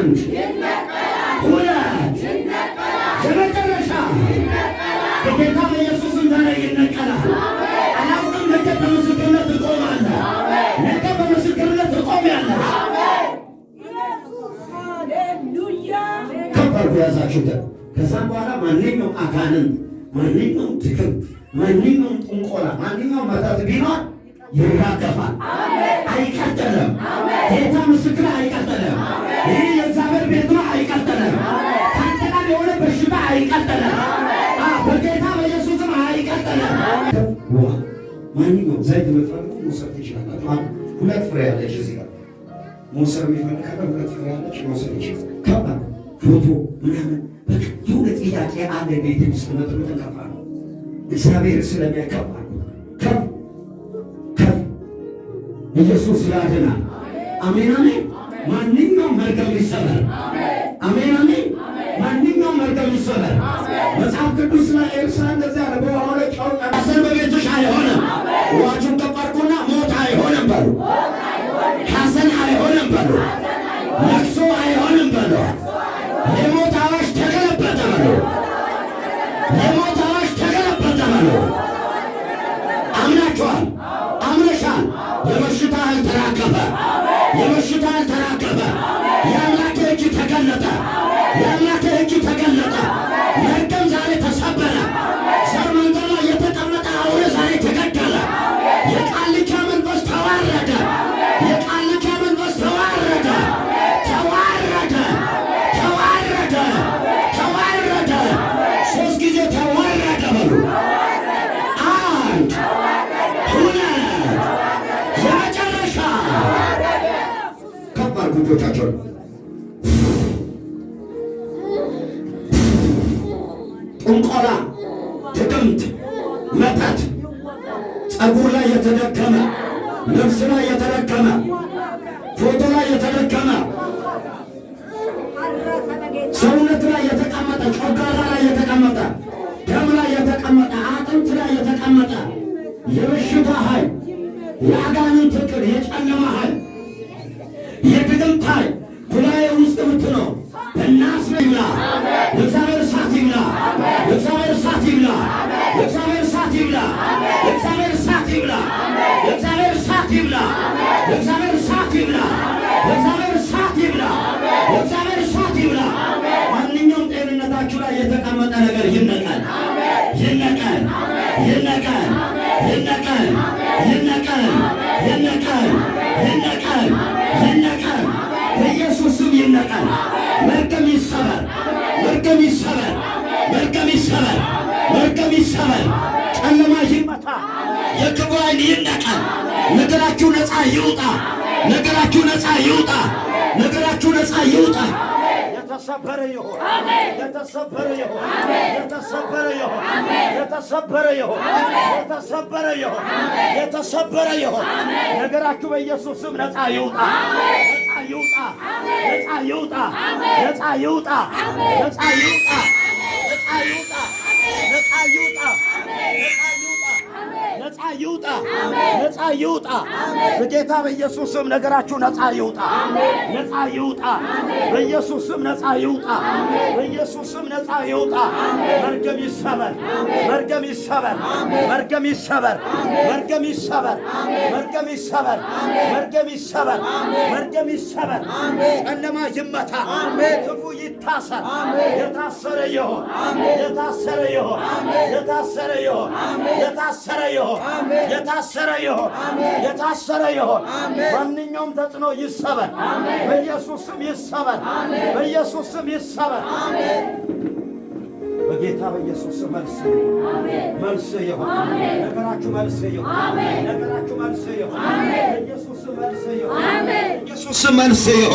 አንድ ሁለት የመጨረሻ በጌታ በኢየሱስም ዛሬ ይነቀላል። አላውቅም። ነገ በምስክርነት ትቆማለህ። ነገ በምስክርነት ትቆሚያለሽ። ከበርኩ ያዛችሁት። ከዛ በኋላ ማንኛውም አጋንንት፣ ማንኛውም ትክም፣ ማንኛውም ጥንቆላ፣ ማንኛውም መተት ቢኖር ይራገፋል። አይቀጥልም። ጌታ ምስክር አይቀጥልም። አይቀጠለ በጌታ በኢየሱስም አይቀጠለ ሁለት ፍሬ ያለች እዚህ ጋር መውሰድ የሚፈልግ ሁለት ፍሬ ያለች መውሰድ ይችላል። ከባድ ፎቶ ምናምን የሁለት ጥያቄ አንድ ቤት ውስጥ መጥሩትን ከፋ ነው እግዚአብሔር ስለሚያከባ ከፍ ከፍ ኢየሱስ ያድናል። አሜን አሜን። ማንኛውም መርገም ይሰራል። አሜን አሜን። መርገም ይሰራል። መጽሐፍ ቅዱስ ላይ ኤልሳ እንደዚያ ነው። በውሃው ላይ ጨው ቀሰር በቤትሽ አይሆንም። ውሃችሁን ጠቆርኩና ሞት አይሆንም በሉ፣ ሐዘን አይሆንም በሉ፣ ለቅሶ አይሆንም በሉ። የሞት አዋጅ ተገለበጠ በሉ፣ የሞት አዋጅ ተገለበጠ በሉ። አምናችኋል፣ አምነሻል። የበሽታ ተራቀፈ፣ የበሽታ ተራቀፈ። የአምላክ እጅ ተገለጠ። የጠላትህ እጅ ተገለጠ። መርገም ዛሬ ተሰበረ። ዘር መንገድ ላይ የተቀመጠ አውሬ ዛሬ ተገደለ። የቃልቻ መንፈስ ተዋረደ። የቃልቻ መንፈስ ተዋረደ፣ ተዋረደ፣ ተዋረደ፣ ተዋረደ። ሶስት ጊዜ ተዋረደ በሉ። አንድ ሁለት፣ የመጨረሻ ከባድ ጉጆቻቸው ጥንቆላ፣ ድግምት፣ መተት፣ ጸጉር ላይ የተደከመ ልብስ ላይ የተደከመ ፎቶ ላይ የተደገመ ሰውነት ላይ የተቀመጠ ጮጋራ ላይ የተቀመጠ ደም ላይ የተቀመጠ አጥንት ላይ የተቀመጠ የበሽታ ኃይል የአጋንንት ፍቅር የጨለማ ኃይል የድግምት ኃይል በህይወታችሁ ላይ የተቀመጠ ነገር ይነቃል፣ ይነቃል፣ ይነቃል፣ ይነቃል፣ ይነቃል፣ ይነቃል፣ ይነቃል፣ ይነቃል። በኢየሱስ ስም መርገም ይሰበር፣ መርገም ይሰበር፣ መርገም ይሰበር፣ መርገም ይሰበር። ጨለማ ይመታ፣ የክፉ ዓይን ይነቃል። ነገራችሁ ነፃ ይውጣ፣ ነገራችሁ ነፃ ይውጣ። የተሰበረ ይሁን፣ የተሰበረ ይሁን፣ የተሰበረ ይሁን፣ የተሰበረ ይሁን፣ የተሰበረ ይሁን፣ የተሰበረ ይሁን። ነገራችሁ በኢየሱስ ስም ነፃ ይውጣ፣ ነጻ ይውጣ፣ ነጻ ይውጣ፣ ነጻ ይውጣ፣ ነጻ ይውጣ፣ ነጻ ይውጣ፣ ነጻ ይውጣ ይውጣ፣ ነፃ ይውጣ። በጌታ በኢየሱስ ስም ነገራችሁ ነፃ ይውጣ፣ ነፃ ይውጣ። በኢየሱስ ስም ነፃ ይውጣ፣ በኢየሱስ ስም ነፃ ይውጣ። መርገም ይሰበር፣ መርገም ይሰበር፣ መርገም ይሰበር፣ መርገም ይሰበር፣ መርገም ይሰበር፣ መርገም ይሰበር፣ መርገም ይሰበር። ጨለማ ይመታ፣ ክፉ ይታሰር። የታሰረ ይሁን፣ የታሰረ ይሁን፣ የታሰረ ይሁን፣ የታሰረ ይሁን። የታሰረ ይሆን፣ የታሰረ ይሆን። ማንኛውም ተጽዕኖ ይሰበር፣ በኢየሱስ ይሰበር፣ በኢየሱስ ይሰበር። በጌታ በኢየሱስ መልስ መልስ ይሁን። ነገራችሁ መልስ ይሁን። ነገራችሁ መልስ ይሁን። ኢየሱስ መልስ ይሁን። ኢየሱስ መልስ ይሁን።